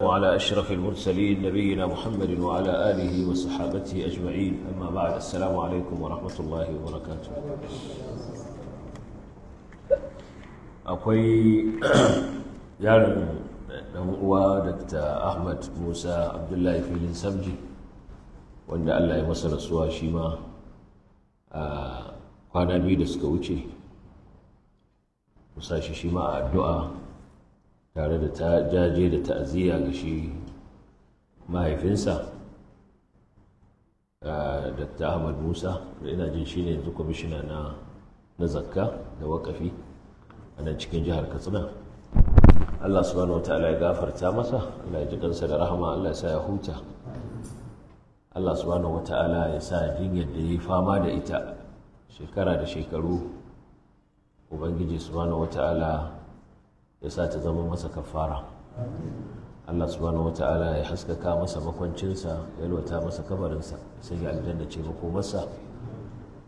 وعلى أشرف المرسلين نبينا محمد وعلى آله وصحابته أجمعين أما بعد السلام عليكم ورحمة الله وبركاته أقوي يعلم هو دكتور أحمد موسى عبد الله في السمجي وأن الله يمسر سوى شيما kwana biyu da suka wuce musashi shi ma addu'a tare da ta jaje da ta'aziyya ga shi mahaifinsa dr ahmad musa da ina jin shine yanzu kwamishina na na zakka da wakafi a nan cikin jihar katsina allah subhanahu ya gafarta masa allah ya ji kansa da rahama allah ya sa ya huta allah subhanahu wataala ya sa jinyar da ya yi fama da ita shekara da shekaru ubangiji subhanahu ya sa ta zama masa kafara Allah subhanahu wata'ala ya haskaka masa makwancinsa ya lwata masa kabarinsa sai ya aljanna ce masa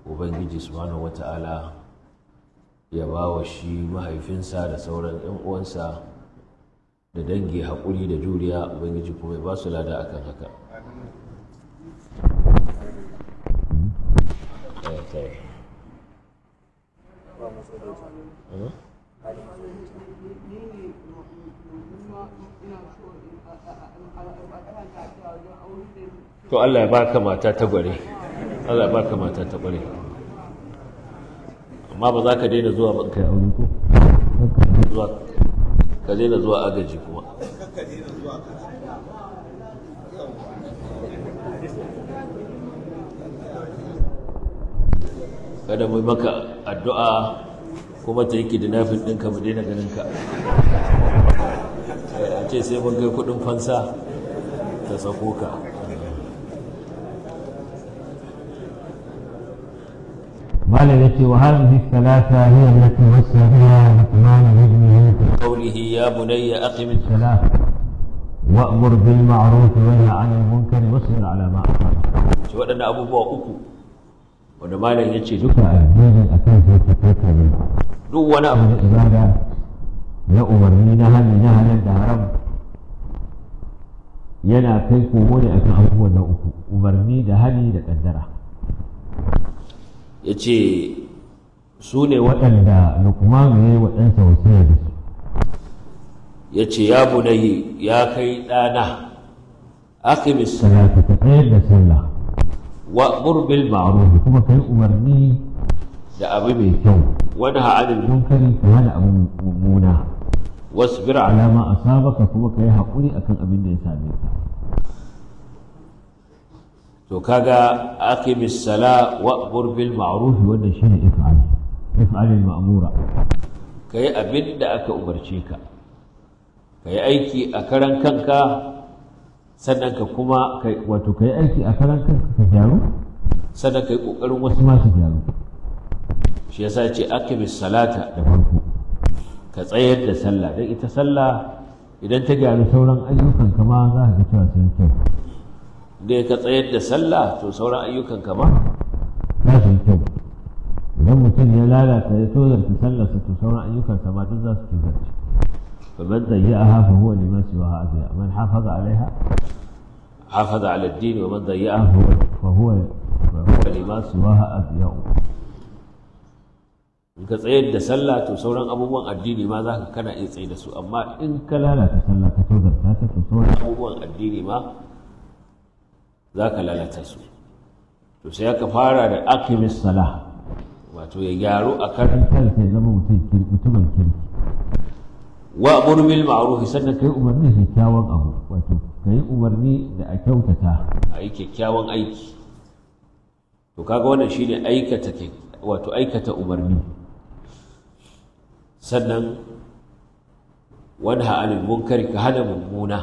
ubangiji subhanahu wata'ala ya ba wa shi mahaifinsa da sauran 'yan uwansa da dangi haƙuri da juriya ubangiji kuma ya ba su lada akan haka Mm-hmm. to Allah ya baka mata ta gware Allah ya baka mata ta gware amma ba za ka daina zuwa ba kai aure ko zuwa ka daina zuwa agaji kuma kada mu maka addu'a kuma ta yake da nafin ɗinka mu daina ganin ka a ce sai mun kai kuɗin fansa ta sako ka قال التي وهل في الثلاثة هي التي وسى بها لقمان لابنه في قوله يا بني أقم الصلاة وأمر بالمعروف وانهى عن المنكر واصبر على ما أخبرك. شو أنا أبو بكر wanda malam ya ce duka duk wani abu na ibada na umarni na hannu na halin da haram yana kai komo ne akan abubuwan na uku umarni da hali da kaddara ya ce su ne waɗanda lukmanu ya yi waɗansa wasu da su ya ce ya bunayi ya kai ɗana akimis salatu ka tsayar da sallah wa murbil ma'ruf kuma kai umarni da abu mai kyau wani ha'adin munkari ka hana abu mummuna wasbir ala a sabaka kuma kai hakuri akan abin da ya same ka to kaga aqimis sala wa'mur bil ma'ruf wannan shine if'al if'al al ma'mura kai abin da aka umarce ka kai aiki a karan kanka sannan ka kuma wato ka yi aiki a karan kanka ka gyaru sannan ka yi ƙoƙarin wasu ma su gyaru shi yasa ce akimis salata da farko ka tsayar da sallah don ita sallah idan ta gyaru sauran ayyukan kama za ka ga cewa sun kyau dai ka tsayar da sallah to sauran ayyukan kama za su yi kyau idan mutum ya lalata ya tozarta sallarsa to sauran ayyukan sama duk za su tozarta فمن ضيعها فهو لما سواها أذيع من حافظ عليها حافظ على الدين ومن ضيعها فهو, فهو, فهو لما سواها أذيع إنك تعيد سلة تصورا أبوا الدين ما ذاك كان يتعيد سوء أما إنك لا لا تسلة تصورا تصورا أبوا الدين ما ذاك لا لا تسوء تسيا كفارة أقيم الصلاة وتو يجارو أكرم تلك زمو تلك wa amur bil ma'ruf sannan kai umarni da kyakkyawan abu wato kai umarni da a kyautata a yi kyakkyawan aiki to kaga wannan shine aikata wato aikata umarni sannan wanha anil munkari ka hana mummuna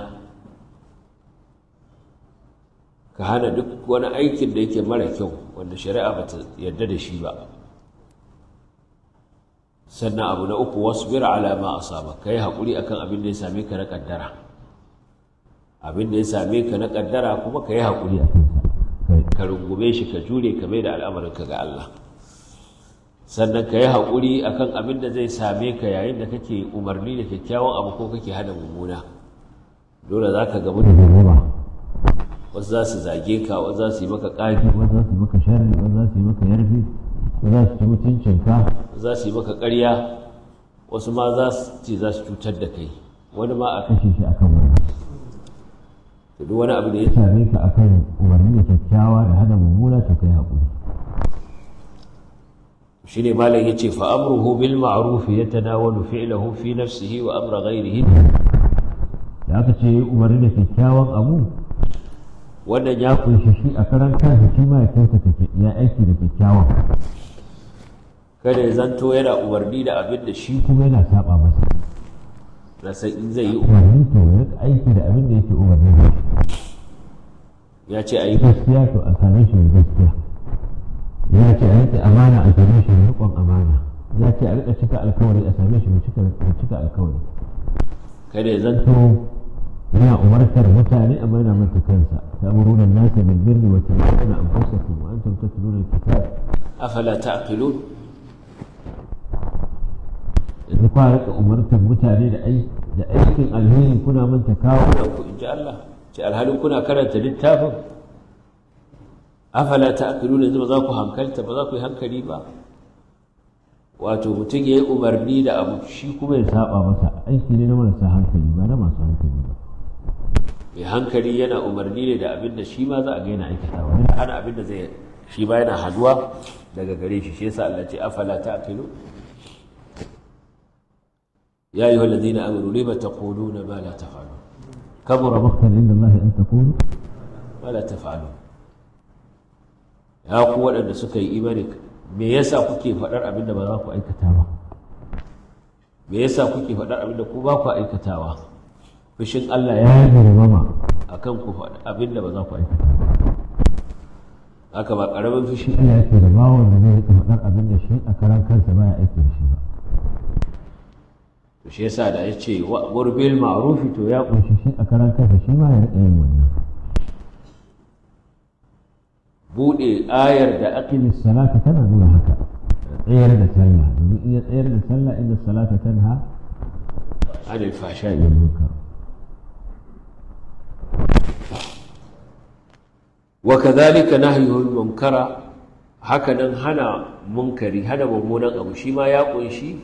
ka hana duk wani aikin da yake mara kyau wanda shari'a bata yarda da shi ba sannan abu na uku wasu wasbir ala ma asaba kai hakuri akan abin da ya same ka na kaddara abin da ya same ka na kaddara kuma ka yi haƙuri hakuri ka rungume shi ka jure ka mai da al'amarin ga Allah sannan ka yi haƙuri a kan abin da zai same ka yayin da kake umarni da kyakkyawan abu ko kake hana mummuna dole za ka gamu da gaba wasu za su zage ka wasu za su yi maka ƙagi wasu za su yi maka sharri wasu za su yi maka yarfi za su ci mutuncinka za su yi maka ƙarya wasu ma za su ce za su cutar da kai wani ma a kashe shi akan wani to duk wani abu da ya tare ka akan umarni da kyakkyawa da hada mummuna to kai haƙuri shine malam yace fa amruhu bil ma'ruf yatanawalu fi'luhu fi nafsihi wa amra ghayrihi da aka ce umarni da kyakkyawan abu wannan ya kunshi shi a karan kansa shi ma ya ya aiki da kyakkyawan kada ya zanto yana umarni da abin da shi kuma yana saba masa san in zai yi umarni to ya aiki da abin da yake umarni ya ce a yi gaskiya to a same shi mai gaskiya ya ce a riƙe amana a same shi mai riƙon amana ya ce a riƙa cika alkawari a same shi da cika alkawari kada ya zanto yana umartar mutane amma yana manta kansa ta'murun an-nasa bil birri wa tanhawna anfusakum wa antum tatluna al-kitab afala ta'qilun yanzu kwa rika umartar mutane da ai da aikin alheri kuna manta kawo da ku in ji Allah ce alhalin kuna karanta littafin afala ta'qiluna yanzu ba za ku hankalta ba za ku yi hankali ba wato mutum ya yi umarni da abu shi kuma ya saba masa aiki ne na marasa hankali ba na masu hankali ba mai hankali yana umarni ne da abin da shi ma za a ga yana aikatawa yana ana abin da zai shi ba yana haduwa daga gare shi shi yasa Allah ce afala ta'qilu يا أيها الذين آمنوا لم تقولون ما لا تفعلون كبر مقتا عند الله أن تقولوا ما لا تفعلون يا قوة أن سكي إيمانك me yasa kuke faɗar abin da ba za ku aikata ba me yasa kuke faɗar abin da ku ba ku aikatawa fushin Allah ya yi girmama kan ku faɗi abin da ba za ku aikata haka ba ƙaramin fushi Allah ya girmama wanda ne ya faɗar abin da shi a karan kansa ba ya aiki da shi ba to shi yasa da ya ce wa'mur bil to ya kunshi shi a karan kansa shi ma ya yin wannan bude ayar da aqimis salata tana nuna haka tsayar da sallah domin iya tsayar da sallah inda salata tanha anil fashai wal munkar wa kadhalika nahyul munkara haka nan hana munkari hana mummunan abu shi ma ya kunshi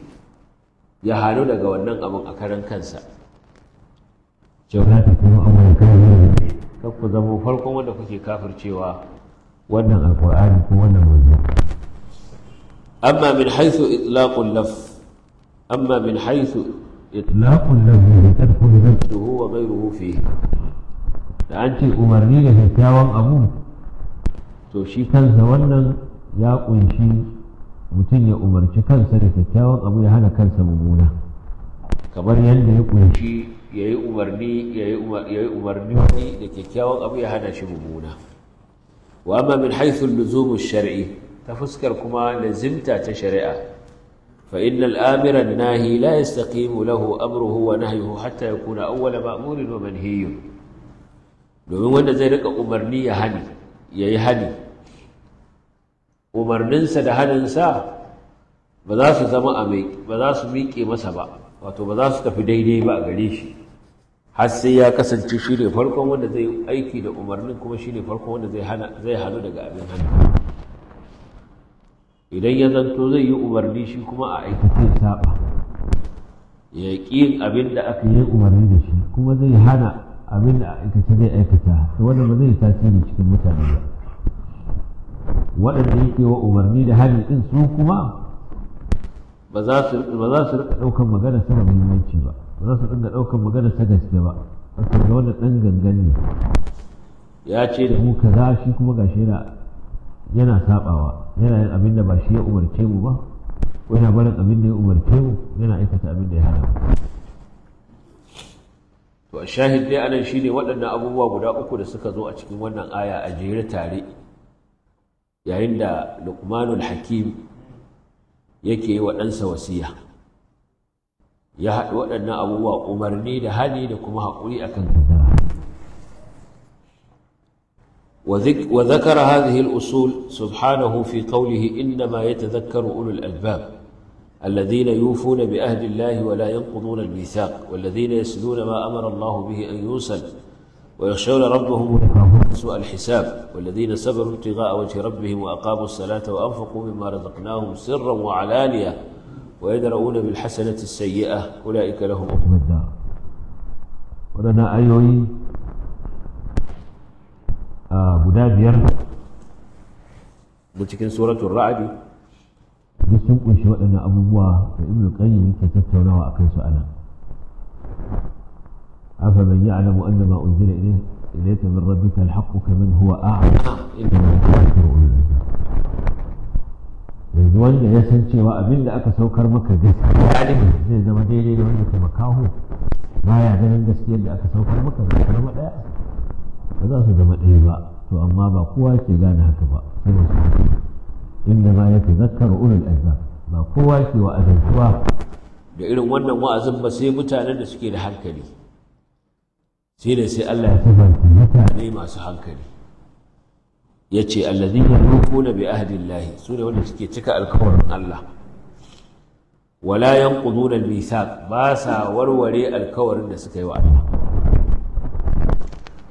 ya hannu daga wannan abin a karan kansa jaurata kuma amurkan kan ku zama farkon wanda kuke cewa wannan alkur'ani ko wannan wajen. amma min haythu itlaqul laf amma min haythu itlaqul laf tadkhulu nafsuhu wa mai fihi da an ce umarni da kyakkyawan abu to shi kansa wannan ya kunshi mutum ya umarci kansa da kyakkyawan abu ya hana kansa mummuna kamar yadda ya kunshi ya yi umarni ya yi umarni wani da kyakkyawan abu ya hana shi mummuna wa amma min haythul luzum shari'i ta fuskar kuma lazimta ta shari'a fa innal amira nahi la yastaqimu lahu amruhu wa nahyuhu hatta yakuna awwala ma'murin wa manhiyun domin wanda zai rika umarni ya hani yayi hani umarninsa da haninsa ba za su zama a ba za su miƙe masa ba wato ba za su tafi daidai ba a gare shi har sai ya kasance shi ne farkon wanda zai aiki da umarnin kuma shi ne farkon wanda zai hannu daga abin hannu idan ya zanto zai yi umarni shi kuma a aiki zai saba ya ƙi abin da aka yi umarni da shi kuma zai hana abin da aikace zai aikata to wannan ba zai tasiri cikin mutane ba waɗanda yake wa umarni da hali ɗin su kuma ba za su rika ɗaukan magana sa muhimmanci ba ba za su dinga ɗaukan magana sa gaske ba wato ga wanda ɗan gangan ne ya ce da mu kaza shi kuma gashi yana yana sabawa yana yin abin da ba shi ya umarce mu ba ko yana barin abin da ya umarce mu yana aikata abin da ya hana mu to a shahid dai anan shine waɗannan abubuwa guda uku da suka zo a cikin wannan aya a jere tare يعين دا لقمان الحكيم يكي yi وسيا يا wasiya أبوه أمرني waɗannan abubuwa umarni da hali وذكر هذه الأصول سبحانه في قوله إنما يتذكر أولو الألباب الذين يوفون بأهل الله ولا ينقضون الميثاق والذين يسلون ما أمر الله به أن يوصل ويخشون ربهم ويخافون سوء الحساب والذين صبروا ابتغاء وجه ربهم وأقاموا الصلاة وأنفقوا مما رزقناهم سرا وعلانية ويدرؤون بالحسنة السيئة أولئك لهم عقبى الدار ولنا أيوي منادير آه، cikin سوره الرعد duk sun kunshi ابو abubuwa da ibnu qayyim yake tattaunawa أفمن يعلم أن ما أنزل إليه إليك من ربك الحق كمن هو أعمى إنما يذكر أولو yanzu wanda ya san cewa abin da aka saukar maka gaskiya zai zama daidai da wanda makaho. kaho baya ganin gaskiyar da aka saukar maka da su zama ɗaya ba za su zama ɗaya ba to amma ba kowa ke gane haka ba sai masu inda ma yake zakkar ulul albab ba kowa ke da irin wannan wa'azin ba sai mutanen da suke da hankali sai da sai Allah ya sabanta mutane masu hankali ya ce allazi ya ruku na bi ahadillahi su ne wanda suke cika alkawarin Allah wala yanquduna al-mithaq ba sa warware alkawarin da suka yi wa Allah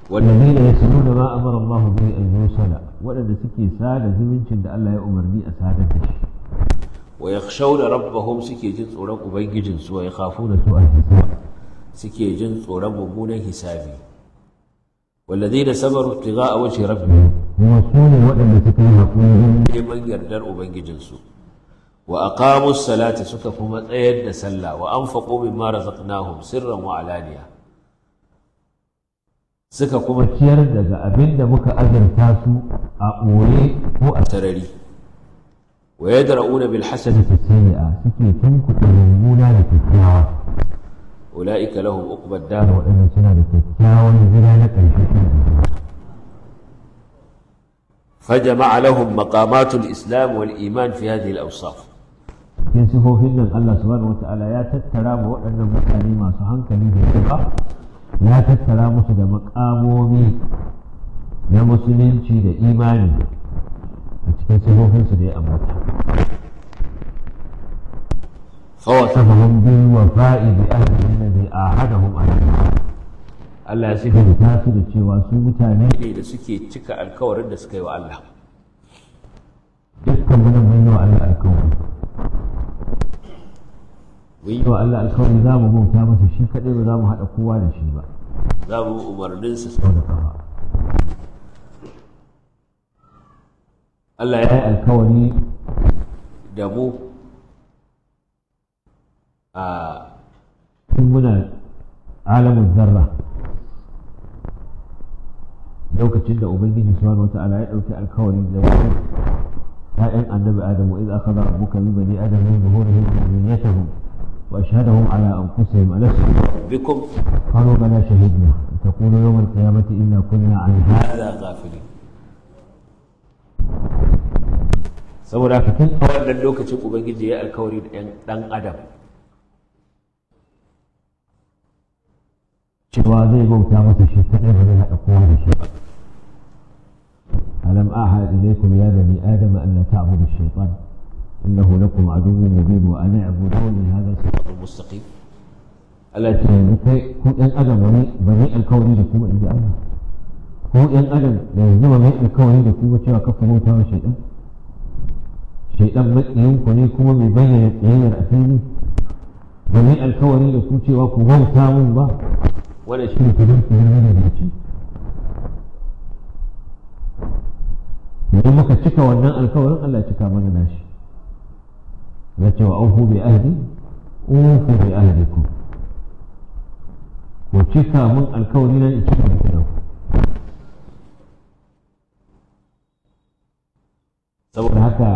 والذين يصلون ما امر الله به ان يوصل waɗanda suke sada zumuncin da Allah ya umarni a sadar da shi wa yakhshawna rabbahum suke jin tsoron ubangijinsu wa yakhafuna su'a suke jin tsoron mummunan hisabi wallazi da sabaru tiga a wace rabbi kuma su ne waɗanda suka yi haƙuri neman yardar ubangijinsu wa aqamu salata suka kuma tsayar da sallah wa anfaqu mimma razaqnahum sirran wa alaniya suka kuma ciyar daga abin da muka azurta su a ɓoye ko a sarari wa yadra'una bil hasanati a suke tunkuta mummuna da kyakkyawa ula'ika lahum uqbad dar suna da kyakkyawan gida na karshe فجمع لهم مقامات الإسلام والإيمان في هذه الأوصاف cikin sifofin nan Allah subhanahu ta'ala ya tattara wa waɗannan mutane masu hankali da shiga ya tattara musu da makamomi na musulunci da imani a cikin sifofinsu da ya ambata فوصفهم بالوفاء بأهل الذي آهدهم على Allah ya sifanta su da cewa su mutane ne da suke cika alkawarin da suka yi wa Allah. Dukkan wani mun yi wa Allah alkawari. Mun yi wa Allah alkawari za mu bauta masa shi kaɗai ba za mu haɗa kowa da shi ba. Za mu umarninsa sau da kafa. Allah ya yi alkawari da mu a muna alamun zarra lokacin da ubangiji subhanahu wata'ala ya dauki alkawarin da wannan ya'yan annabi adamu idza akhadha rabbuka min bani adam min zuhurihim dhurriyyatahum wa ashhadahum ala anfusihim alastu bikum qalu bala shahidna تقول يوم القيامة إنا كنا عن هذا غافلين saboda haka tun a wannan lokacin ubangiji ya alkawari da ɗan adam شواذي قوتا الشيطان ألم أعهد إليكم يا بني آدم أن لا تعبدوا الشيطان إنه لكم عدو مبين وأن اعبدوني هذا صراط مستقيم ألا تشتعي كن أن أدم بني بني الكون لكم إلا أنا كن أن أدم لأن يوم بني الكون لكم وشوى كفر موتا وشيطان شيطان مئن كنيكم مبين يأتيني بني الكون لكم شوى كفر موتا وشيطان wannan shi ne kudin kudin idan muka cika wannan alkawarin Allah cika mana nashi na cewa auhu bai ahdi ufu bai ahdikum ku ku cika mun alkawari na cika muku da ku. saboda haka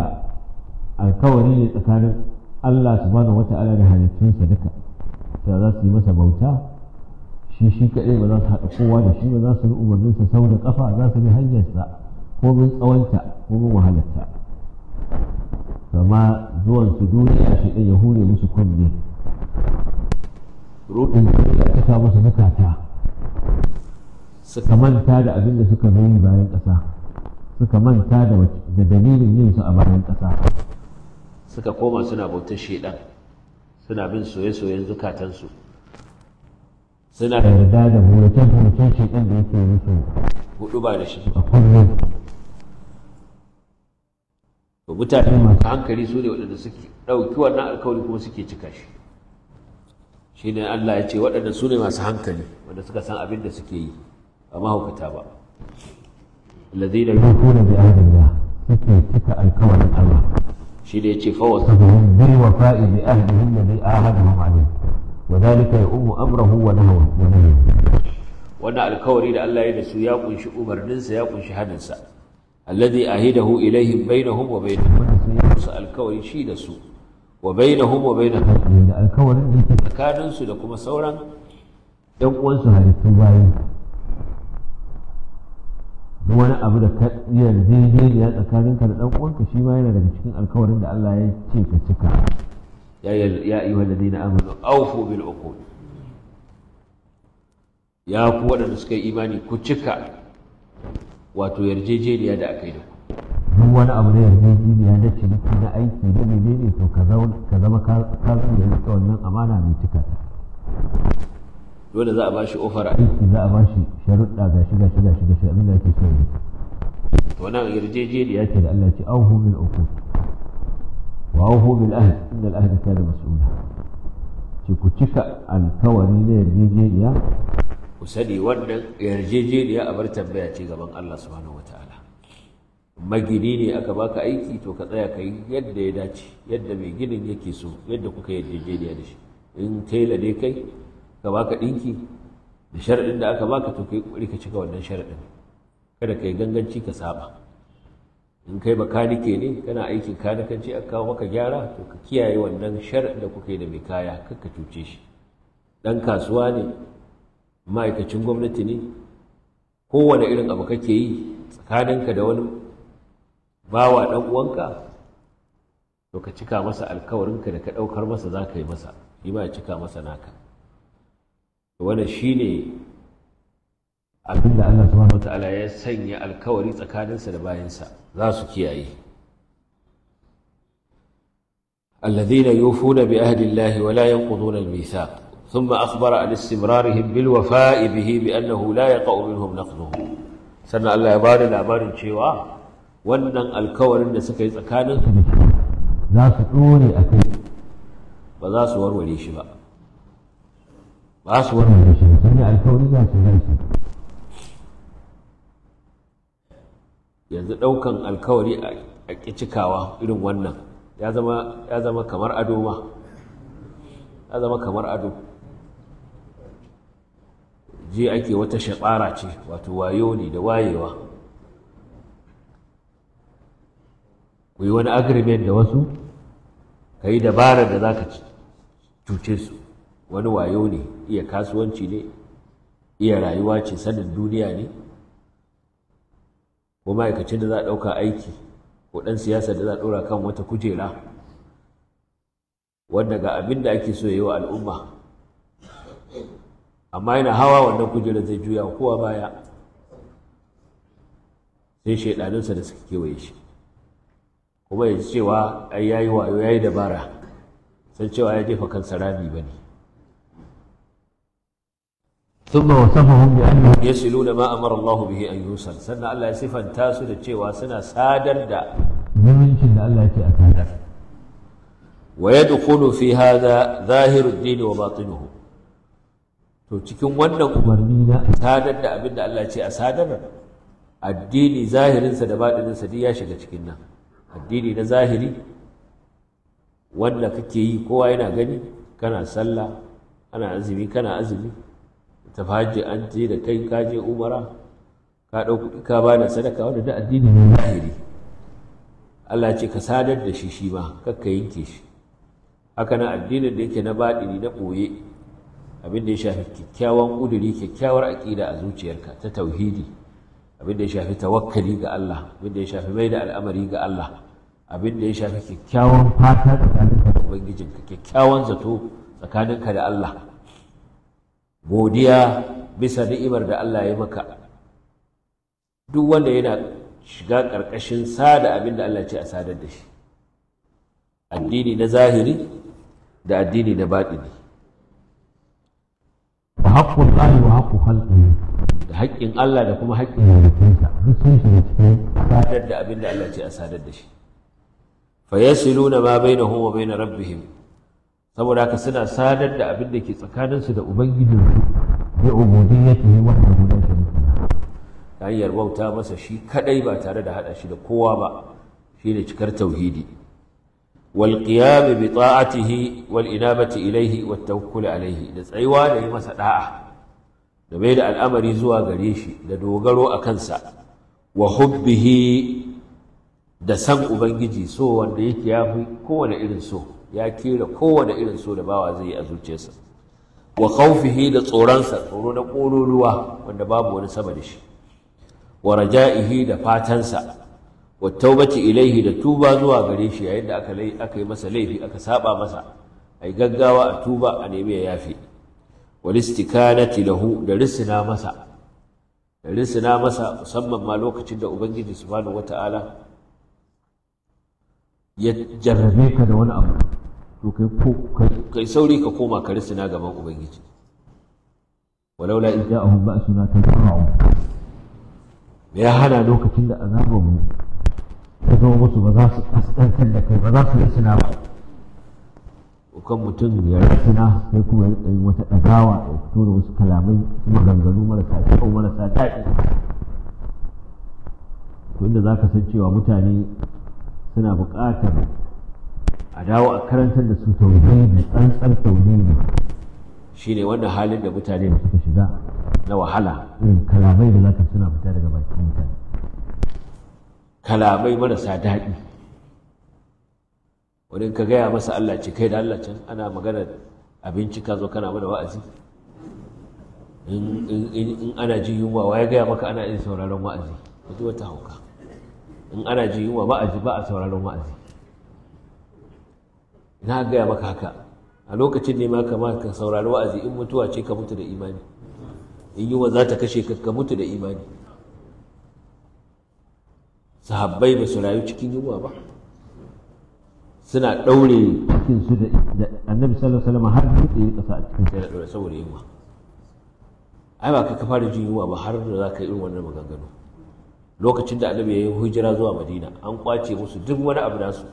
alkawari ne tsakanin Allah subhanahu wata'ala da halittunsa duka ta za su yi masa bauta shi shi kaɗai ba za su haɗa kowa da shi ba za su bi umarninsa sau da ƙafa za su bi hanyarsa ko komin tsawonta ko min wahalarta kama zuwan su duniya shi ɗan ya hure musu kunne ruɗin duniya ta sa musu zukata suka manta da abin da suka yi bayan ƙasa suka manta da dalilin yin su a bayan ƙasa suka koma suna bautar ɗan suna bin soye-soyen zukatansu suna da yarda da hoton hoton shi ɗin da yake musu hudu ba da shi a kullum to mutane masu hankali su ne waɗanda suke ɗauki wannan alkawari kuma suke cika shi shi ne Allah ya ce waɗanda su ne masu hankali wanda suka san abin da suke yi ba mahaukata ba الذين يوفون بعهد الله suke cika alkawarin Allah shi ne ya ce fawas bi wafa'i bi ahdihi alladhi ahadahum alayhi wa zalika ya ummu amrahu wa nahwa wa nahwa wannan alkawari da Allah ya da su ya kunshi umarninsa ya kunshi haninsa alladhi ahidahu ilaihim bainahum wa bainahum wannan ya musu alkawari shi da su wa bainahum wa bainahum da alkawarin da ke tsakanin da kuma sauran ɗan uwansu halittu wani abu da ka yarjejeniya tsakaninka da ɗan uwanka shi ma yana daga cikin alkawarin da Allah ya ce ka cika ya ayyuhal ladina amanu awfu bil uqud ya ku waɗanda suka yi imani ku cika wato yarjejeniya da aka yi da ku duk wani abu na yarjejeniya na ciniki na aiki da menene to ka zama ka rika wannan amana mai cika ta dole za a bashi ofar aiki za a bashi sharuɗa ga shiga shiga shiga shi da ake so to nan yarjejeniya ce da Allah ce auhu min uqud wa auhu bil ahd inna al ahda kana mas'ula ce ku cika alkawari na yarjejeniya ku sani wannan yarjejeniya a bar tambaya ce gaban Allah subhanahu wataala magini ne aka baka aiki to ka tsaya kai yadda ya dace yadda mai ginin yake so yadda kuka yarjejeniya da shi in tela ne kai ka baka dinki da sharaɗin da aka baka to kai kokari ka cika wannan sharaɗin kada kai ganganci ka saɓa. in kai makanike ne kana aikin kanikanci a kawo maka gyara to ka kiyaye wannan shar da kuka yi da mai kaya kar ka cuce shi ɗan kasuwa ne ma'aikacin gwamnati ne kowane irin abu kake yi tsakaninka da wani bawa ɗan uwanka to ka cika masa alkawarinka da ka ɗaukar masa za ka yi masa shi ma cika masa naka wannan shi ne abin da Allah subhanahu wa ta'ala ya sanya alkawari tsakaninsa da bayansa za su kiyaye الذين يوفون بعهد الله ولا ينقضون الميثاق ثم أخبر عن استمرارهم بالوفاء به بأنه لا يقع منهم نقضه سنة الله يبار الأبار شيوا وأن الكون أن سكي سكان ذات أولي أكيد فذا سور ولي شبا ما سور ولي شبا سنة الكون ذات ولي شبا yanzu ɗaukan alkawari a cikawa irin wannan ya zama kamar ado ma ya zama kamar ado je ake wata shaɓara ce wato wayo ne da wayewa ku yi wani agrimen da wasu ka yi dabarar da za ka cuce su wani wayo ne iya kasuwanci ne iya rayuwa ce sanin duniya ne ko ma'aikacin da za a ɗauka aiki ko ɗan siyasa da za a ɗora kan wata kujera wanda ga abin da ake so ya yi wa al'umma amma yana hawa wannan kujera zai juya kowa baya sai shaidaninsa da suka kewaye shi kuma ya cewa ai yayi wayo yayi dabara san cewa ya jefa kansa rami ba ne ثم وصفهم بأنهم يصلون ما أمر الله به أن يوصل سنة الله يصف أن تاسد الشيوى سنة سادر دا من الله يتأكد ويدخل في هذا ظاهر الدين وباطنه to cikin wannan umarni na sadar da abin da Allah ce a sadar addini zahirinsa da baɗininsa duk ya shiga cikin nan addini na zahiri wanda kake yi kowa yana gani kana sallah kana kana azumi Tafaji hajji an je da kai ka je umara ka ɗau kuɗi ka ba da sadaka wanda da addini ne zahiri Allah ce ka sadar da shi shi ma ka yanke shi haka na addinin da yake na baɗini na ɓoye abin da ya shafi kyakkyawan ƙuduri kyakkyawar aƙida a zuciyarka ta tauhidi abin da ya shafi tawakkali ga Allah abin da ya shafi mai da al'amari ga Allah abin da ya shafi kyakkyawan fata tsakaninka da ubangijinka kyakkyawan zato tsakaninka da Allah godiya bisa ni'imar da Allah ya maka duk wanda yana shiga ƙarƙashin sada abin da Allah ce a sadar da shi addini na zahiri da addini na baɗini da haƙƙun Allah wa haƙƙun halƙi da haƙƙin Allah da kuma haƙƙin malikinsa duk sun shiga cikin sadar da abin da Allah ce a sadar da shi fayasiluna ma bainahum wa bain rabbihim saboda haka suna sadar da abin da ke tsakaninsu da ubangijinsu bi ubudiyyatihi wa la sharika ta hanyar bauta masa shi kadai ba tare da hada shi da kowa ba shi shine cikar tauhidi wal qiyam bi ta'atihi wal inabati ilayhi wat tawakkul alayhi da tsayuwa da yi masa da'a da bai da al'amari zuwa gare shi da dogaro a kansa wa hubbihi da san ubangiji so wanda yake yafi kowane irin so ya kira kowane irin so da bawa zai yi a zuciyarsa wa khawfihi da tsoronsa tsoro na ƙololuwa wanda babu wani saba da shi wa raja'ihi da fatansa wa taubati ilaihi da tuba zuwa gare shi yayin da aka yi masa laifi aka saba masa ai gaggawa a tuba a nemi ya yafi wal istikanati lahu da risina masa da risina masa musamman ma lokacin da ubangiji subhanahu wata'ala ya jarrabe ka da wani abu to kai ko kai sauri ka koma ka risina gaban ubangiji la in ja'ahum ba'suna tadarra'u ya hana lokacin da azabar mu ta zama musu ba za su kaskantar da kai ba za su risina ba kan mutum ya risina sai kuma ya yi wata dagawa ya fito da wasu kalamai maganganu marasa kyau marasa daɗi to inda za ka san cewa mutane suna buƙatar a dawo a karantar da su tauhidi tsantsar tauhidi ne wanda halin da mutane da suka shiga na wahala irin kalamai da zaka suna fita daga bakin mutane kalamai marasa daɗi wani ka gaya masa Allah ce kai da Allah can ana magana abinci ka zo kana mana wa'azi in ana jin yunwa wa ya gaya maka ana yin sauraron wa'azi wata hauka in ana ji yunwa ba a ji ba a sauraron wa'azi na gaya maka haka a lokacin ne ma kamar ka saurari wa'azi in mutuwa ce ka mutu da imani in yunwa za ta kashe ka ka mutu da imani sahabbai ba su rayu cikin yunwa ba suna ɗaure su da annabi sallallahu alaihi wasallam ya yi ƙasa a cikin sai da ɗaure saboda yunwa ai ba ka fara jin yunwa ba har da za ka yi irin wannan maganganu lokacin da annabi ya yi hijira zuwa madina an kwace musu duk wani abu nasu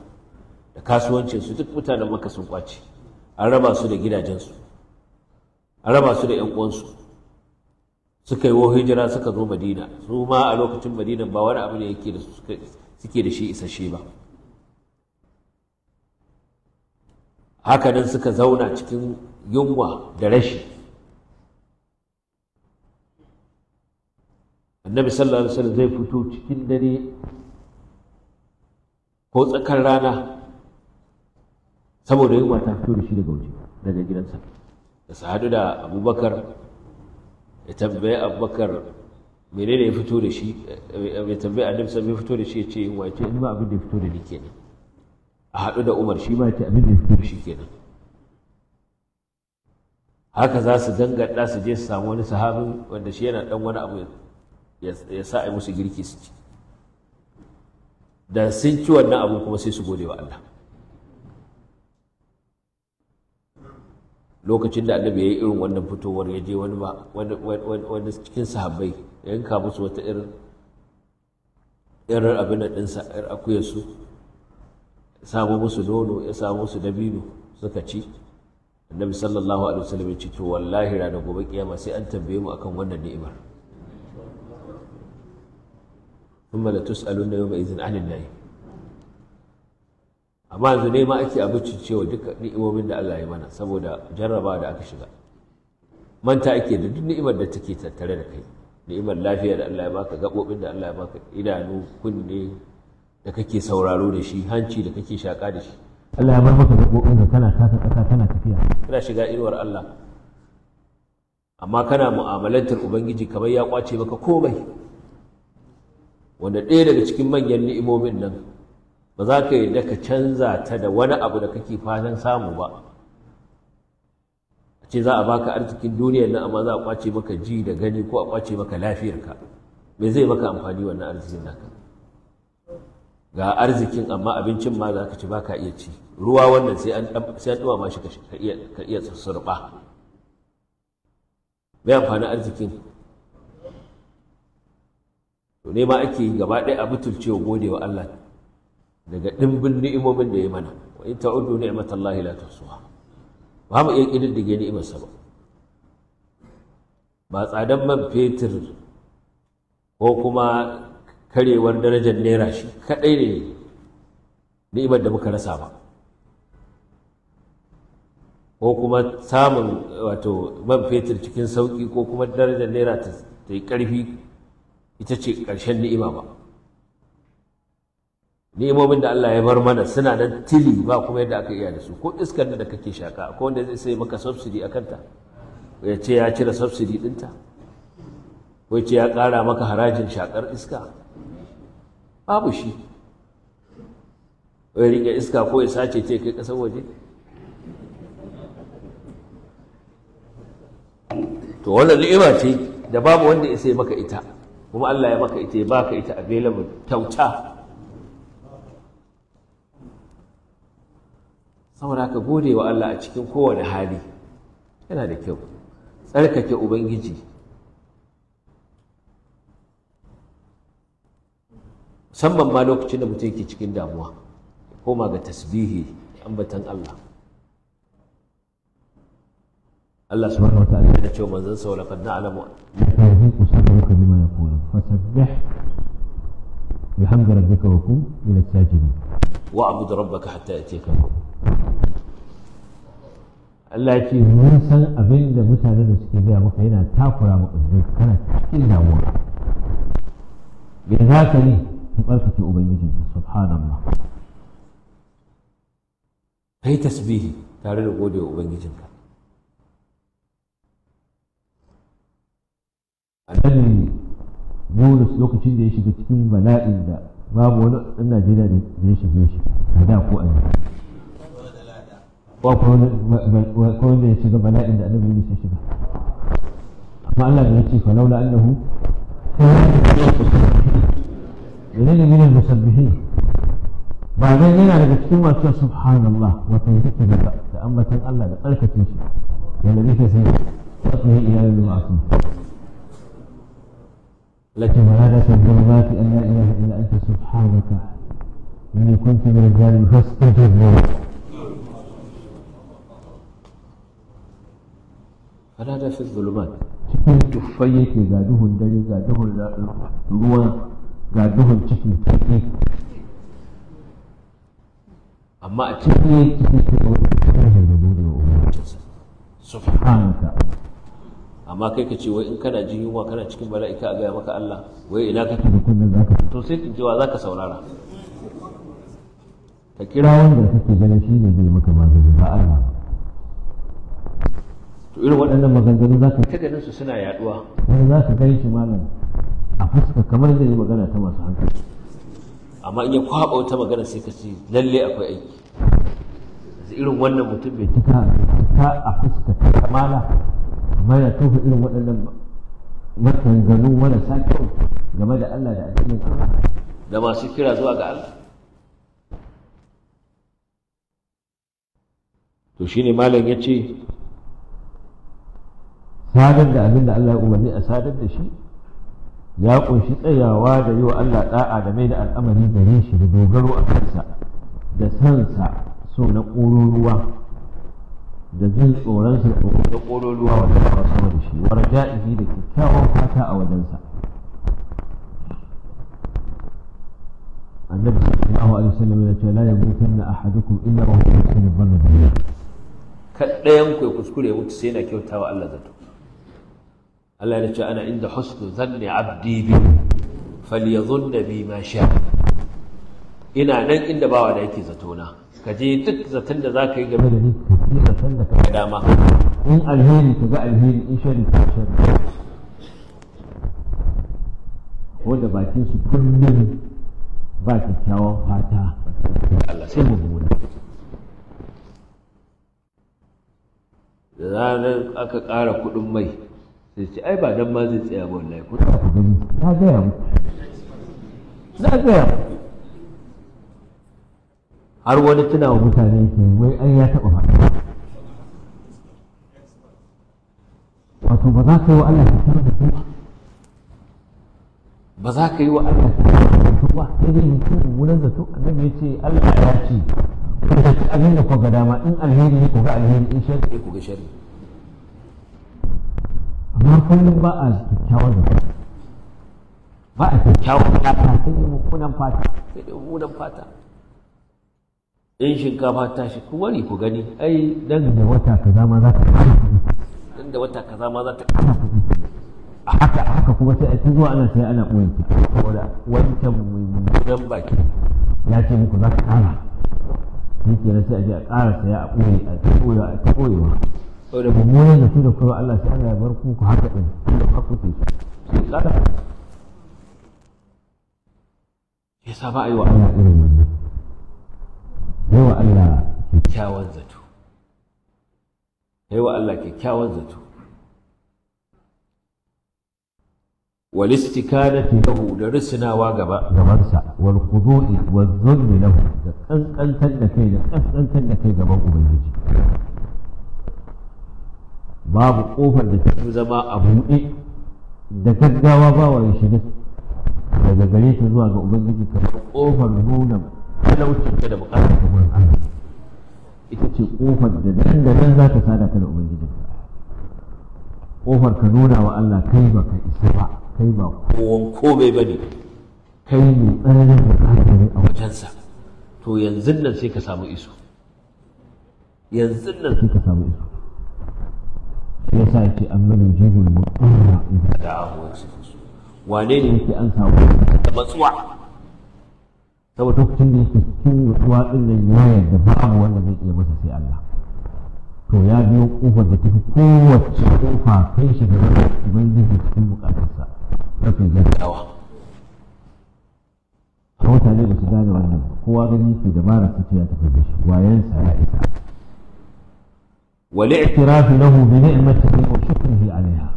da kasuwancinsu duk mutanen maka sun kwace an raba su da gidajensu an raba su da yan uwansu suka yi hijira suka zo madina su ma a lokacin madina ba wani abu ne yake da suke da shi isasshe ba haka nan suka zauna cikin yunwa da rashi annabi sallallahu alaihi wasallam zai fito cikin dare ko tsakar rana saboda yunwa ta fito da shi daga waje daga gidansa da sahadu da abubakar ya tambaye abubakar menene ya fito da shi ya tambaye annabi sallallahu alaihi fito da shi ya ce yunwa ya ce ba abin da ya fito da ni kenan a haɗu da umar shi ma ya ce abin da ya fito da shi kenan haka za su danganta su je su samu wani sahabin wanda shi yana dan wani abu ya sa musu girki su ci da sun ci wannan abu kuma sai su gode wa Allah lokacin da annabi ya yi irin wannan fitowar ya je wani wani cikin sahabbai ya yanka musu wata irin irin abin da ɗinsa ‘yar akuyarsu samu musu nono ya samu musu dabino suka ci annabi sallallahu alaihi wasallam ya ce to wallahi ranar gobe kiyama sai an tambaye mu akan wannan ni'imar thumma latus'alunna yawma idhin 'anil na'im amma yanzu ne ma ake abincin cewa duka ni'imomin da Allah ya mana saboda jarraba da aka shiga manta ake da duk ni'imar da take tattare da kai ni'imar lafiya da Allah ya baka gaɓoɓin da Allah ya baka idanu kunne da kake sauraro da shi hanci da kake shaƙa da shi Allah ya bar maka gaɓoɓin da kana taka ƙasa kana tafiya kana shiga inuwar Allah amma kana mu'amalantar ubangiji kamar ya kwace maka komai wanda ɗaya daga cikin manyan ni'imomin nan ba za ka yarda ka canza ta da wani abu da kake fatan samu ba a ce za a baka arzikin duniyar nan amma za a kwace maka ji da gani ko a kwace maka lafiyarka me zai maka amfani wannan arzikin naka ga arzikin amma abincin ma za ka ci baka iya ci ruwa wannan sai an ɗumama shi ka iya surɓa mai amfanin arzikin to ne ma ake gaba ɗaya a cewa, gode wa Allah daga ɗimbin ni'imomin da ya mana wa in ta'uddu ni'matallahi la tuhsuha ba mu iya kididdige ni'imarsa ba ba tsadan man fetur ko kuma karewar darajar naira shi kaɗai ne ni'imar da muka rasa ba ko kuma samun wato man fetur cikin sauƙi ko kuma darajar naira ta yi ƙarfi ita ce ƙarshen ni'ima ba ni'imomin da Allah ya bar mana suna nan tili ba kuma yadda aka iya da su ko iskar da kake shaka ko wanda zai sai maka subsidy a kanta ya ce ya cire subsidy ɗinta ko ya ce ya ƙara maka harajin shakar iska babu shi ya riƙe iska ko ya sace ce kai ƙasar waje to wannan ni'ima ce da babu wanda ya sai maka ita kuma Allah ya maka ita ya baka ita available kyauta saboda ka gode wa Allah a cikin kowane hali yana da kyau tsarkake ubangiji musamman ma lokacin da mutum yake cikin damuwa koma ga tasbihi ambatan Allah Allah subhanahu wa ta'ala ya ce manzon sa wa laqad na'lamu فسبح بحمد ربك وكن من الساجدين واعبد ربك حتى يأتيك Allah ya ce mun san abin da mutanen da suke gaya maka yana takura maka zuwa kana cikin damuwa me za ne ka tsarkake ubangijin ka subhanallah kai tasbihi tare da godewa ubangijin ka Bulus lokacin da ya shiga cikin bala'in da babu wani ɗan Najeriya da ya shiga shi a da ko a ko wanda ya shiga bala'in da annabi Yunus ya shiga amma Allah da ya ce fa laula annahu yana da minin musabbihin ba dan yana daga cikin masu subhanallah wa tayyibin da da ambatan Allah da tsarkake shi yana bisa sai ya tsaya iyalin ma'asum لكن هذا في الظلمات ان لا اله الا انت سبحانك إن كنت من الظالمين فاستجب لي هذا في الظلمات تكون تفاية قادوه الدري قادوه الروى قادوه تكون تكون أما تكون تكون تكون تكون amma kai ka ce wai in kana jin yunwa kana cikin mala'ika a gaya maka Allah wai ina kake da za zaka to sai kin za zaka saurara ka kira wanda kake ganin shi ne zai maka magani ba Allah to irin waɗannan maganganu za ka ganin su suna yaduwa wani za ka gan shi malam a fuska kamar zai yi magana ta masu hankali amma in ya kwaba wata magana sai ka ce lalle akwai aiki irin wannan mutum bai cika a fuska ta kamala amma yana tofa irin waɗannan maganganu marasa kyau game da Allah da addinin Allah da masu kira zuwa ga Allah to shi ne malam ya ce sadar da abin da Allah ya umarni a sadar da shi ya kunshi tsayawa da yi wa Allah ɗa'a da mai da al'amari gare shi da dogaro a kansa da sansa so na ruwa. da jin tsoronsa tsoro da ƙololuwa wanda ba sama da shi wa raja'ihi da kyakkyawan fata a wajensa annabi sallallahu alaihi wasallam ya ce la yamutanna ahadukum illa wa huwa yusinu dhanna billah kaddayan ku ya kuskure mutu sai yana kyautawa Allah zato Allah ya ce ana inda husnu zanni abdi bi falyadhunna bi ma sha ina nan inda bawa da yake zato na kaje duk zaton da zaka yi game da ni hakika san da kai dama in alheri ka ga alheri in shari ka shari wanda bakin su kullum ba kyakkyawan fata sai mu da nan aka ƙara kuɗin mai sai ce ai ba dan ma zai tsaya ba wallahi kuɗin ta gaya muku na gaya muku har wani tuna wa mutane ke wai ai ya taɓa faɗa wato ba za ka yi wa Allah ta da kuma ba za ka yi wa Allah ta da kuma ba sai dai da mummunan zato annabi ya ce Allah ya ce ku ta ci abin da ku ga dama in alheri ne ku ga alheri in sharri ne ku ga sharri amma kullum ba a kyakkyawar zato ba a kyakkyawar fata sai dai mummunan fata sai dai mummunan fata in shinkafa ta shi kuma ne ku gani ai dan da wata kaza ma za ta dan da wata kaza ma za ta a haka haka kuma sai ta zuwa ana sai ana ɓoye ta saboda wancan mummunan baki ya ce muku za ka ƙara shi ke sai a je a ƙara saya a ɓoye a ta ɓoyewa a ta ɓoyewa saboda mummunan da su da kuma Allah sai Allah ya bar ku ku haka ɗin da haka ku sai za ta yasa ba a yi wa Allah irin yawa Allah kyakkyawan zato yawa Allah kyakkyawan zato wal istikanati lahu da risnawa gaba gabansa wal khudu'i wal zulmi lahu da kankantar da kai da kankantar da kai gaban ubangiji babu kofar da ta zama a buɗe da gaggawa ba wa shiga daga gare ta zuwa ga ubangiji kamar kofar nuna talauci ka da bukatar ka gurin Allah ita ce kofar da nan da nan za ta sada ka da ubangijinka kofar ka nuna wa Allah kai ba ka isa ba kai ba kowan komai ba kai ne tsananin bukatar ne a wajensa to yanzu nan sai ka samu iso yanzu nan sai ka samu iso ya sa ce an gano jibin mu'amma idan da'ahu wane ne yake an samu matsuwa saboda lokacin da yake cikin rutuwa din nan ya yarda babu wanda zai iya masa sai Allah to ya biyo kofar da tafi kowace kofa kai shi da ubangiji cikin bukatarsa rafin gaggawa a mutane ba su gane wannan kowa gani ke dabara su ce ya tafi da shi wayansa ya isa والاعتراف له بنعمته وشكره عليها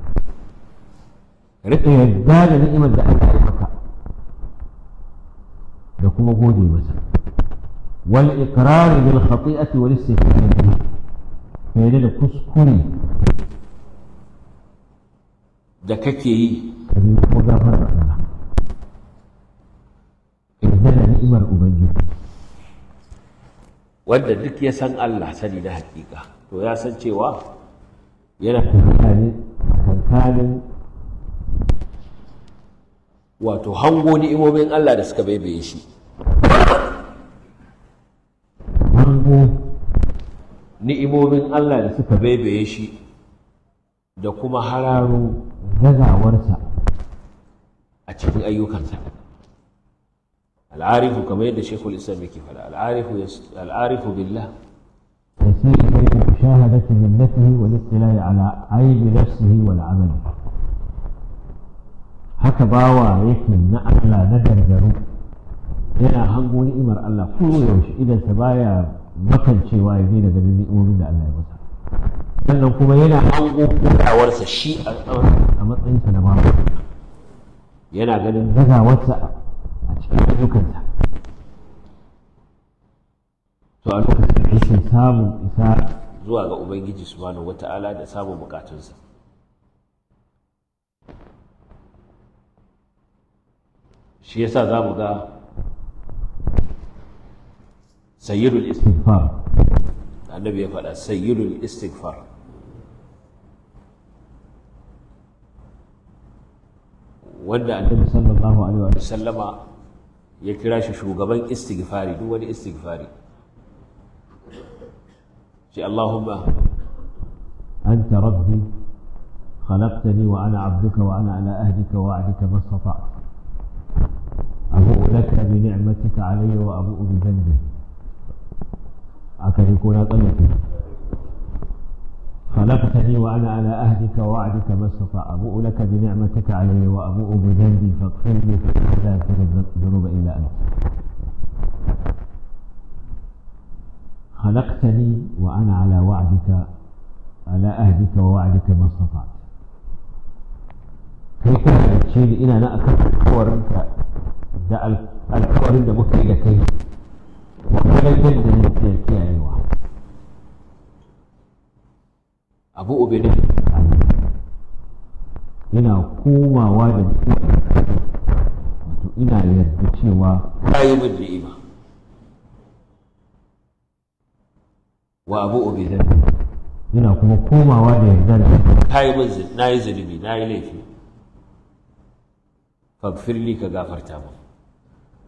da يدار نعمة الله da kuma gode masa wal iqrar bil khati'ati wal istighfar kai da kuskure da kake yi ka kuma gafar da Allah ka da ni'imar ubangiji wanda duk ya san Allah sani na hakika to ya san cewa yana tsakankanin wato hango ni'imomin Allah da suka baibaye shi hango ni'imomin Allah da suka baibaye shi da kuma hararo gazawarsa a cikin ayyukansa al'arifu kamar yadda shekul islam yake faɗa al'arifu billah يسير إلى مشاهدة منته والاطلاع على عيب نفسه والعمل haka bawa yake na Allah na gargaru yana hango ni'imar Allah ko yaushe idan sa baya makancewa ya ne daga ni'imomin da Allah ya masa sannan kuma yana hango sa shi a matsayin matsayinsa na bawa yana ganin gazawarsa a cikin ayyukansa to a lokacin rashin samun isa zuwa ga ubangiji subhanahu wata'ala da samun bukatunsa shi yasa za mu ga sayyidul istighfar annabi ya faɗa sayyidul istighfar wanda annabi sallallahu alaihi wa sallama ya kira shi shugaban istighfari duk wani istighfari ce Allahumma anta rabbi خلقتني وأنا عبدك وأنا على أهدك وعدك ما استطعت لك بنعمتك علي وأبوء بذنبي أكن يكون أطلقي خلقتني وأنا على أهدك وعدك ما استطاع أبوء لك بنعمتك علي وأبوء بذنبي فاغفر لي فإنه لا الذنوب إلا أنت خلقتني وأنا على وعدك على أهدك ووعدك ما استطعت كيف تشير إلى ina da alkawarin da muka yi da kai wa kanakin da nake kiyayewa abu ubini yana komawa da wato ina yarda cewa kayi min ni'ima wa abu ubini yana kuma komawa da yarda da kayi min na yi zunubi na yi laifi fagfirli ka gafarta min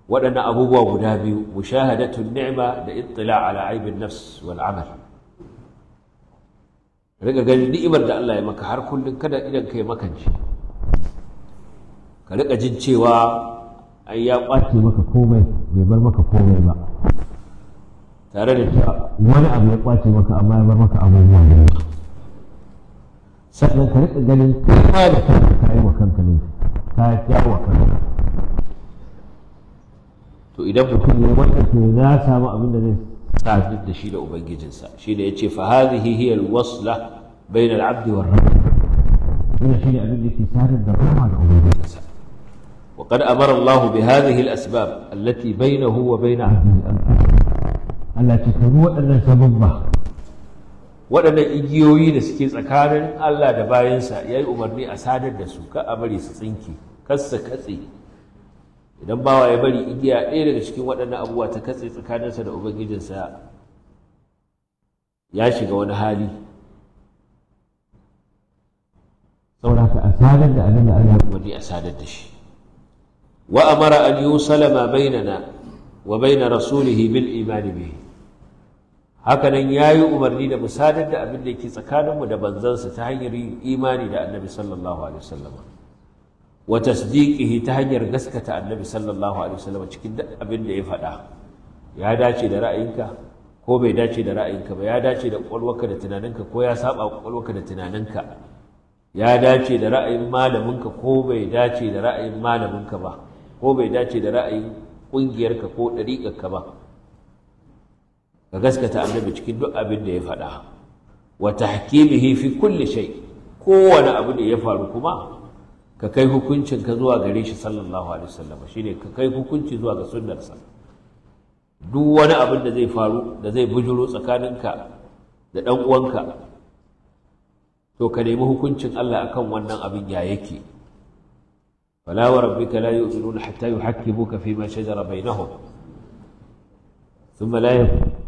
waɗannan abubuwa guda biyu mushahadatun ni'ima da ittila ala aibin nafs wal amal riga ganin ni'imar da Allah ya maka har kullum kada idan kai makanci ka riga jin cewa ai ya kwace maka komai bai bar maka komai ba tare da cewa wani abu ya kwace maka amma ya bar maka abubuwa da yawa sannan ka riga ganin kai ma da kanka kai wa kanka ne ka yawa kanka to idan mutum ya wannan to ya samu abin da zai sadu da shi da ubangijinsa ya ce fa hadhihi hiya alwasla bayna alabdi war rabb wannan shine abin da yake sadar da rahma da ubangijinsa وقد أمر الله بهذه الأسباب التي بينه وبين عبده Allah ce ka waɗannan sababba waɗannan igiyoyi da suke tsakanin Allah da bayansa ya yi umarni a sadar da su ka amari bari su tsinke kar katse idan bawa ya bari igiya ɗaya daga cikin waɗannan abubuwa ta katse tsakaninsa da ubangijinsa ya shiga wani hali sauraka a sadar da abin da Allah wani a sadar da shi wa amara an yusala ma bainana wa baina rasulihi bil imani bihi haka nan yayi umarni da mu sadar da abin da yake tsakaninmu da banzansa ta hanyar imani da annabi sallallahu alaihi wasallam wa tasdiqihi ta hanyar gaskata annabi sallallahu alaihi wasallam cikin duk abin da ya faɗa ya dace da ra'ayinka ko bai dace da ra'ayinka ba ya dace da kwalwarka da tunaninka ko ya saba kwalwarka da tunaninka ya dace da ra'ayin malaminka ko bai dace da ra'ayin malaminka ba ko bai dace da ra'ayin ƙungiyarka ko dariƙarka ba ka gaskata annabi cikin duk abin da ya faɗa wa tahkimihi fi kulli shay kowane abu da ya faru kuma ka kai hukuncin ka zuwa gare shi sallallahu alaihi wasallam shine ka kai hukunci zuwa ga sunnarsa duk wani abin da zai faru da zai bujuro tsakaninka da ɗan uwanka to ka nemi hukuncin Allah akan wannan abin ya yake fala wa rabbika la yu'minuna hatta yuhakkimuka fima shajara bainahum thumma la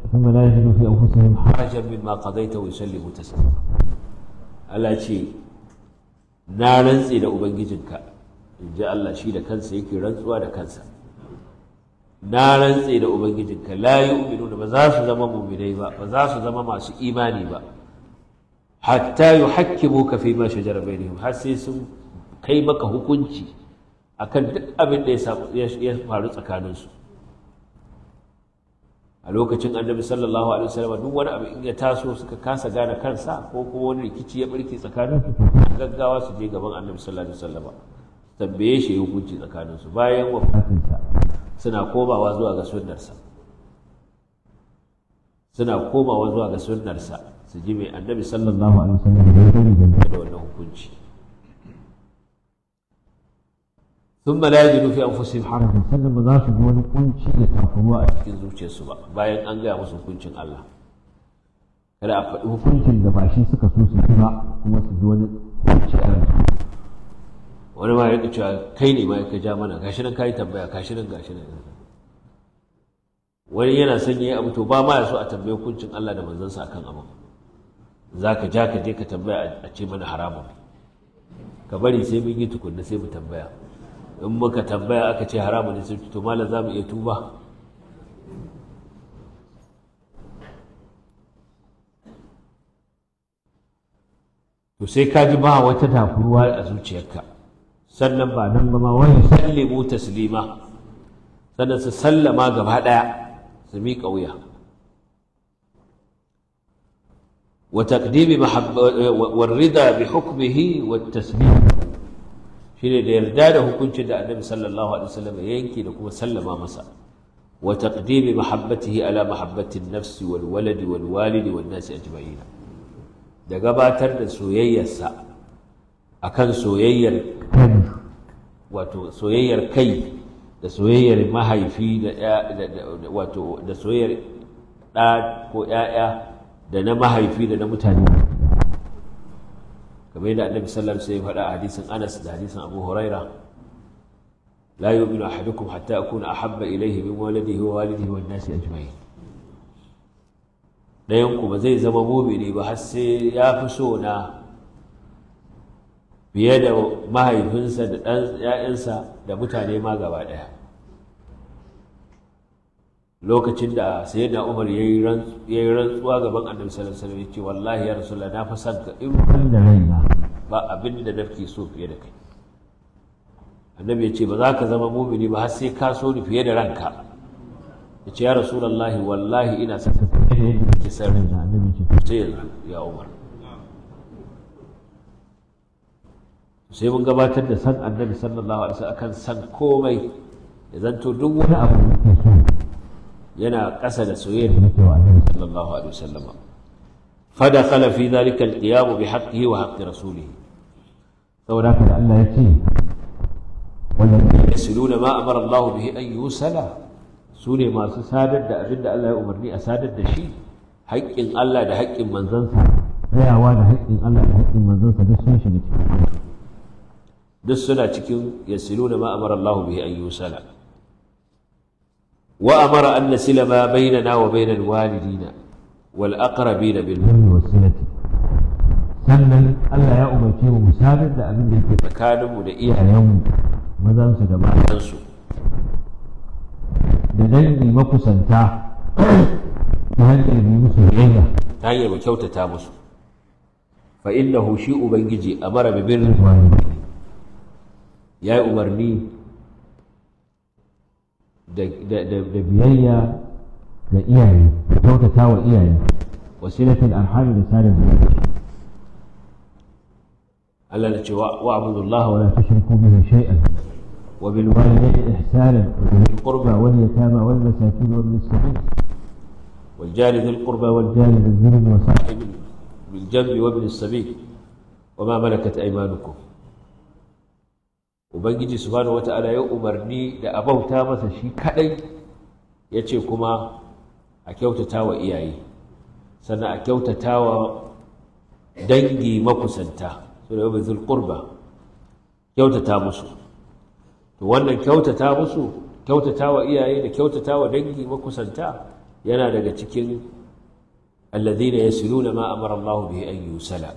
ثم لا يجدوا في أنفسهم حرجا مما قضيت ويسلموا تسليما ألا شيء na rantse da ubangijinka in ji Allah shi da kansa yake rantsuwa da kansa na rantse da ubangijinka la yu'minu ba za su zama mu'minai ba ba za su zama masu imani ba hatta ka fi ma shajara bainihim har sai sun kai maka hukunci akan duk abin da ya faru tsakaninsu a lokacin annabi sallallahu alaihi wasallam duk wani abu in ya taso suka kasa gane kansa ko kuma wani rikici ya barke su gaggawa su je gaban annabi sallallahu alaihi wasallam tambaye shi hukunci tsakanin su bayan wafatinsa suna komawa zuwa ga sunnarsa suna komawa zuwa ga sunnarsa su ji mai annabi sallallahu alaihi wasallam da wannan hukunci ثم لا nufi an fusi حرجا sannan ba za su ji wani kunci da takuruwa a cikin zuciyarsu ba bayan an gaya musu hukuncin Allah kada a faɗi hukuncin da ba shi suka so su ji ba kuma su ji wani wani ma ya cewa kai ne ma ka ja mana gashi nan kai tambaya gashi nan gashi nan wani yana son yi abu to ba ma ya so a tambaye hukuncin Allah da manzansa akan abu Za ka ja ka je ka tambaya a ce mana haramun ka bari sai mun yi tukunna sai mu tambaya in muka tambaya aka ce haramun ne sai to malam za mu iya tuba to sai ka ji ba wata takuruwa a zuciyarka sannan ba nan ba ma wani sallimu taslima sannan su sallama gaba ɗaya su wa taqdimi warrida bi hukmihi wa taslim shine da yarda da hukuncin da annabi sallallahu alaihi wasallam ya yanke da kuma sallama masa wa taqdimi mahabbatihi ala mahabbati nafsi wal waladi wal ajma'ina da gabatar da soyayyarsa a kan soyayyar wato soyayyar kai da soyayyar mahaifi da wato da soyayyar ɗa ko ‘ya'ya da na mahaifi da na mutane kamar yadda annabi sallallahu alaihi faɗa a hadisin anas da hadisin abu huraira la yu'minu ahadukum hatta akuna ahabba ilayhi min walidihi wa walidihi wan nasi ajma'in ɗayan ku ba zai zama mumini ba har sai ya fi so na fiye da mahaifinsa da ɗan ‘ya'yansa da mutane ma gaba ɗaya lokacin da yana Umar ya yi rantsuwa gaban Annabi sallallahu alaihi wasallam wallahi ya rasu na son ka in da rai ba abin da fi so fiye da kai Annabi ya ce ba za ka zama mumini ba har sai ka so ni fiye da ranka ya ce ya rasulallahi wallahi ina sassa ke da annabi ke sai yanzu ya umar sai mun gabatar da san annabi sallallahu alaihi wasallam akan san komai ya zanto duk wani abu yana ƙasa da soyayya da yake wa annabi sallallahu alaihi wasallam فدخل في ذلك القيام بحقه وحق رسوله saboda haka da Allah ya ce wanda yasiluna ma amara Allah bihi an yusala su ne masu sadar da abin da Allah ya umarni a sadar da shi haƙƙin Allah da haƙƙin manzansa tsayawa da haƙƙin Allah da haƙƙin manzansa duk sun shiga cikin duk suna cikin yasilu da ma amara Allah bihi an yusala wa amara an nasila ma na wa bainal walidina wal aqrabina bil birri was silati sannan Allah ya umarce mu sadar da abin da yake tsakaninmu da iyayenmu mazansu da matansu da dangi makusanta ta hanyar yi musu biyayya ta hanyar kyautata musu fa innahu shi ubangiji amara bi birrin ya yi umarni da biyayya da iyaye da kyautata wa iyaye wasilatul arhami da sadar zumunci Allah na ce wa abudullahi wa la tushriku bihi shay'an وبالوالدين إحسانا وبذي القربى واليتامى والمساكين وابن السبيل والجار ذي القربى والجار ذي الذنب وصاحب بالجنب وابن السبيل وما ملكت أيمانكم وبنجي سبحانه وتعالى يؤمرني لأبو تامة شي كأي يتشيكما أكيوت تاوى إياي سنة أكيوت تاوى دنجي مكو سنتا سنة ذي القربى أكيوت تامة شو to wannan kyautata musu kyautata wa iyaye da kyautata wa dangi makusanta yana daga cikin alladhina yasiluna ma amara Allahu bihi an yusala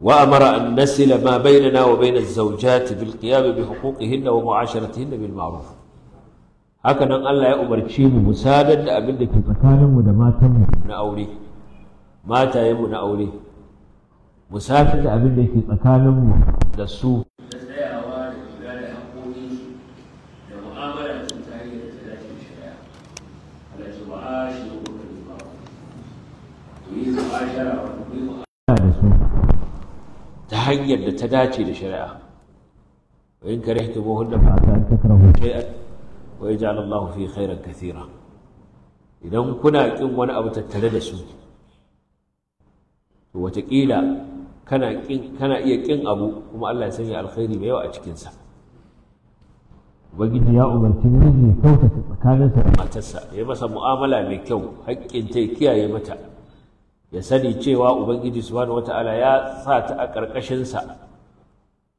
wa amara an nasila ma bainana wa bain az-zawjati bil qiyam bi huquqihinna wa mu'asharatihinna bil ma'ruf haka nan Allah ya umarci mu mu musadar da abin da ke tsakaninmu da matanmu na aure Mu na aure musafir da abin da ke tsakaninmu da su hanyar da ta dace da shari'a wa in karihtumuhunna fa asa an takrahu shay'an wa yaj'al Allahu fi khairan kathira idan kuna kin wani abu tattare da su to wataƙila kana kin kana iya kin abu kuma Allah ya sanya alkhairi mai yawa a cikin sa ubangiji ya umarci namiji ya kyautata tsakaninsa da matarsa ya masa mu'amala mai kyau haƙƙin ta ya kiyaye mata ya sani cewa ubangiji subhanahu wataala ya sa ta a ƙarƙashin sa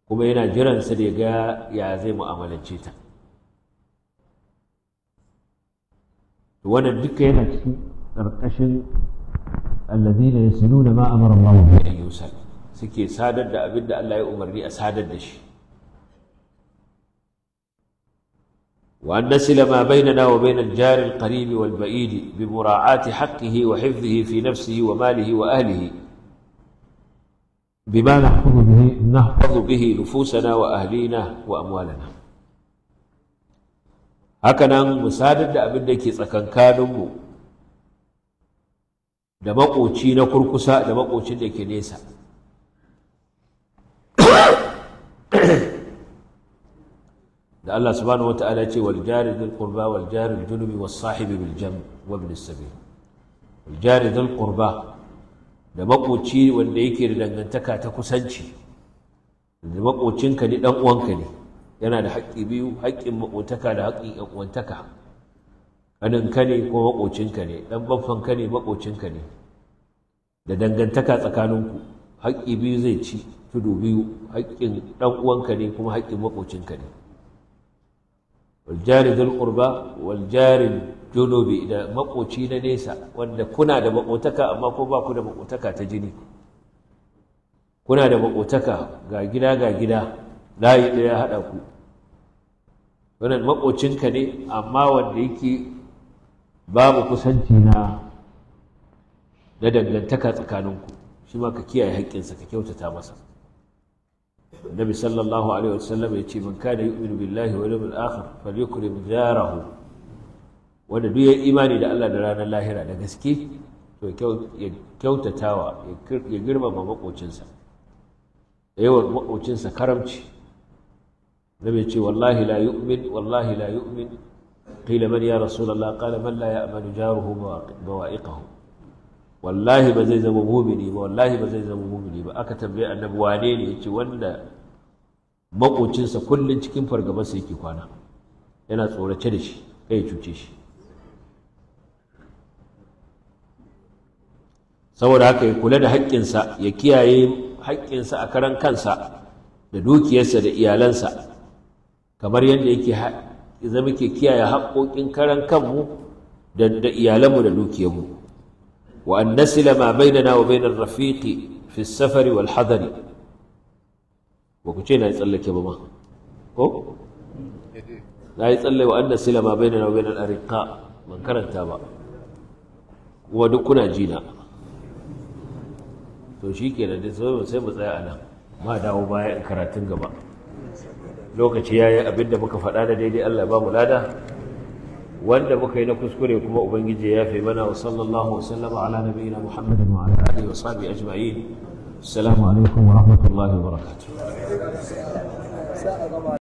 kuma yana jiran sa da ga ya zai mu'amalance ta to wannan duka yana cikin ƙarƙashin allazina yasluna ma amara Allah bihi yusal suke sadar da abin da Allah ya umarni a sadar da shi وأن نسل ما بيننا وبين الجار القريب والبعيد بمراعاة حقه وحفظه في نفسه وماله وأهله بما نحفظ به نحفظ به نفوسنا وأهلينا وأموالنا هكذا مسادد أبن ديكي سكن da makoci تشينا كركسا da تشينا كنيسا da Allah subhanahu wataala ce wal jari dhil qurba wal jari junubi was sahibi bil jam wa bil sabil wal jari dhil qurba da makoci wanda yake da dangantaka ta kusanci da makocinka ne dan uwanka ne yana da haƙƙi biyu haƙƙin makotaka da haƙƙin ƴan uwantaka ƙaninka ne ko makocinka ne dan ne makocinka ne da dangantaka tsakaninku haƙƙi biyu zai ci tudu biyu haƙƙin ɗan uwanka ne kuma haƙƙin maƙocinka ne والجار ذو القربى والجار الجنوب da maƙoci na nesa wanda kuna da makotaka amma ko ba da makotaka ta jini kuna da maƙotaka ga gida ga gida layi ɗaya haɗa ku wannan makocinka ne amma wanda yake babu kusanci na na dangantaka tsakaninku shi ma ka kiyaye haƙƙinsa ka kyautata masa النبي صلى الله عليه وسلم يتي من كان يؤمن بالله واليوم الآخر فليكرم جاره wanda duk ya imani da Allah da ranar lahira da gaske to ya kyautatawa ya girmama makocinsa da yawan makocinsa karamci nabi ce wallahi la yu'min wallahi la yu'min qila ya rasulullah qala man la jaruhu bawa'iqahu wallahi ba zai zama mumini ba wallahi ba zai zama mumini ba aka tambaye annabi wane ne yace wanda makocinsa kullun cikin fargabarsa yake kwana yana tsorace da shi kai cuce shi saboda haka ya kula da haƙƙinsa ya kiyaye haƙƙinsa a karan kansa da dukiyarsa da iyalansa kamar yadda yake zama ke kiyaye haƙƙoƙin karan kanmu da iyalanmu da dukiyarmu وأن نسل ما بيننا وبين الرفيق في السفر والحذر وكتشينا يتسألك يا ماما كو لا يتسألك وأن نسل ما بيننا وبين الأرقاء من كانت تابع ودكنا جينا to shi ke da sai mu tsaya a nan ma dawo baya in karatun gaba lokaci ya yi abinda muka faɗa da daidai allah ba mu lada wanda muka yi na kuskure kuma ubangiji ya fi mana wa sallallahu wa sallama ala nabiyina muhammadin wa ala alihi wa sahbihi ajma'in assalamu alaikum wa rahmatullahi wa barakatuh